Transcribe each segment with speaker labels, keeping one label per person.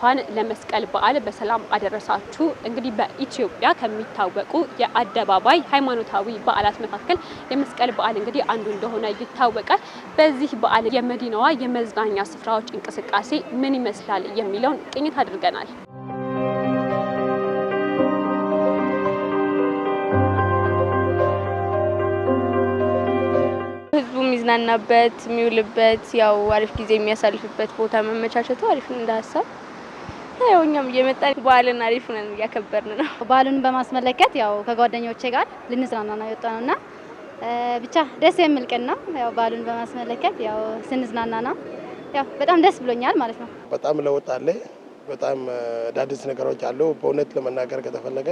Speaker 1: እንኳን ለመስቀል በዓል በሰላም አደረሳችሁ። እንግዲህ በኢትዮጵያ ከሚታወቁ የአደባባይ ሃይማኖታዊ በዓላት መካከል የመስቀል በዓል እንግዲህ አንዱ እንደሆነ ይታወቃል። በዚህ በዓል የመዲናዋ የመዝናኛ ስፍራዎች እንቅስቃሴ ምን ይመስላል የሚለውን ቅኝት አድርገናል።
Speaker 2: ህዝቡ የሚዝናናበት የሚውልበት፣ ያው አሪፍ ጊዜ የሚያሳልፍበት ቦታ መመቻቸቱ አሪፍ እንደ ሀሳብ ያው እኛም እየመጣን በዓልን አሪፍ ነን እያከበርን ነው።
Speaker 3: በዓሉን በማስመለከት ያው ከጓደኞቼ ጋር ልንዝናና ነው የወጣ ነውና ብቻ ደስ የሚል ቀን ነው። ያው በዓሉን በማስመለከት ያው ስንዝናና ነው። ያው በጣም ደስ ብሎኛል ማለት ነው።
Speaker 4: በጣም ለውጥ አለ። በጣም አዳዲስ ነገሮች አሉ። በእውነት ለመናገር ከተፈለገ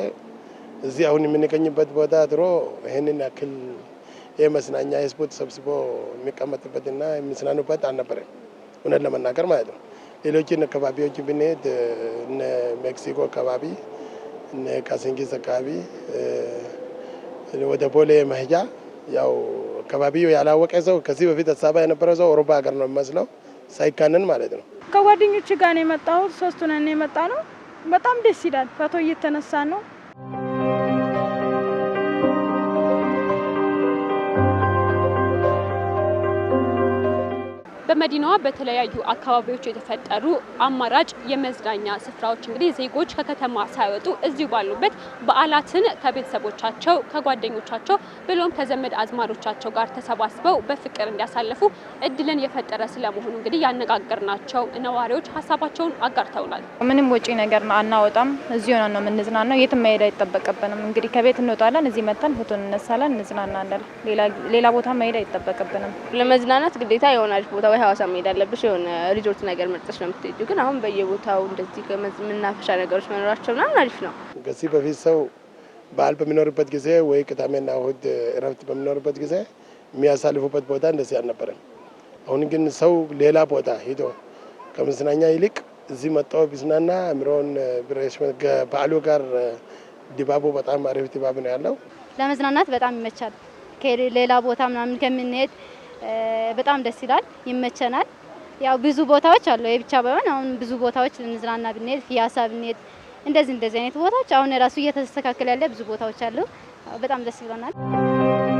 Speaker 4: እዚህ አሁን የምንገኝበት ቦታ ድሮ ይህንን ያክል የመዝናኛ ህዝቡ ተሰብስቦ የሚቀመጥበትና የሚዝናኑበት አልነበረም፣ እውነት ለመናገር ማለት ነው። ሌሎችን አካባቢዎች ብንሄድ እነ ሜክሲኮ አካባቢ እነ ካሲንጊስ አካባቢ ወደ ቦሌ መሄጃ ያው አካባቢው ያላወቀ ሰው ከዚህ በፊት ሀሳባ የነበረ ሰው ኦሮባ ሀገር ነው የሚመስለው ሳይካንን ማለት
Speaker 5: ነው። ከጓደኞች ጋር ነው የመጣሁት። ሶስቱን የመጣ ነው። በጣም ደስ ይላል። ፎቶ እየተነሳ ነው።
Speaker 6: በመዲናዋ በተለያዩ አካባቢዎች የተፈጠሩ አማራጭ የመዝናኛ ስፍራዎች እንግዲህ ዜጎች ከከተማ ሳይወጡ እዚሁ ባሉበት በዓላትን ከቤተሰቦቻቸው ከጓደኞቻቸው ብሎም ከዘመድ አዝማሮቻቸው ጋር ተሰባስበው በፍቅር እንዲያሳልፉ እድልን የፈጠረ ስለመሆኑ እንግዲህ ያነጋገርናቸው ነዋሪዎች ሀሳባቸውን አጋርተውናል።
Speaker 7: ምንም ወጪ ነገር አናወጣም። እዚሁ ሆነን ነው የምንዝናናው። የትም መሄድ አይጠበቅብንም። እንግዲህ ከቤት እንወጣለን፣ እዚህ መጥተን ፎቶ እንነሳለን፣ እንዝናናለን። ሌላ ቦታ መሄድ አይጠበቅብንም።
Speaker 8: ለመዝናናት ግዴታ የሆናች ቦታ ወይ ሀዋሳ መሄድ አለብሽ የሆነ ሪዞርት ነገር መርጠሽ ነው የምትሄጁ። ግን አሁን በየቦታው እንደዚህ መናፈሻ ነገሮች መኖራቸው ምናምን አሪፍ ነው።
Speaker 9: ከዚህ በፊት ሰው በዓል በሚኖርበት ጊዜ ወይ ቅዳሜና እሁድ እረፍት በሚኖርበት ጊዜ የሚያሳልፉበት ቦታ እንደዚህ አልነበረም። አሁን ግን ሰው ሌላ ቦታ ሂዶ ከመዝናኛ ይልቅ እዚህ መጣው ቢዝናና አእምሮውን ብሬሽ ጋር ድባቡ በጣም አሪፍ ድባብ ነው ያለው።
Speaker 10: ለመዝናናት በጣም ይመቻል። ሌላ ቦታ ምናምን ከምንሄድ በጣም ደስ ይላል፣ ይመቸናል። ያው ብዙ ቦታዎች አሉ የብቻ ባይሆን አሁን ብዙ ቦታዎች ልንዝናና ብንሄድ ፊያሳ ብንሄድ እንደዚህ እንደዚህ አይነት ቦታዎች አሁን ራሱ እየተስተካከለ ያለ ብዙ ቦታዎች አሉ። በጣም ደስ ብሎናል።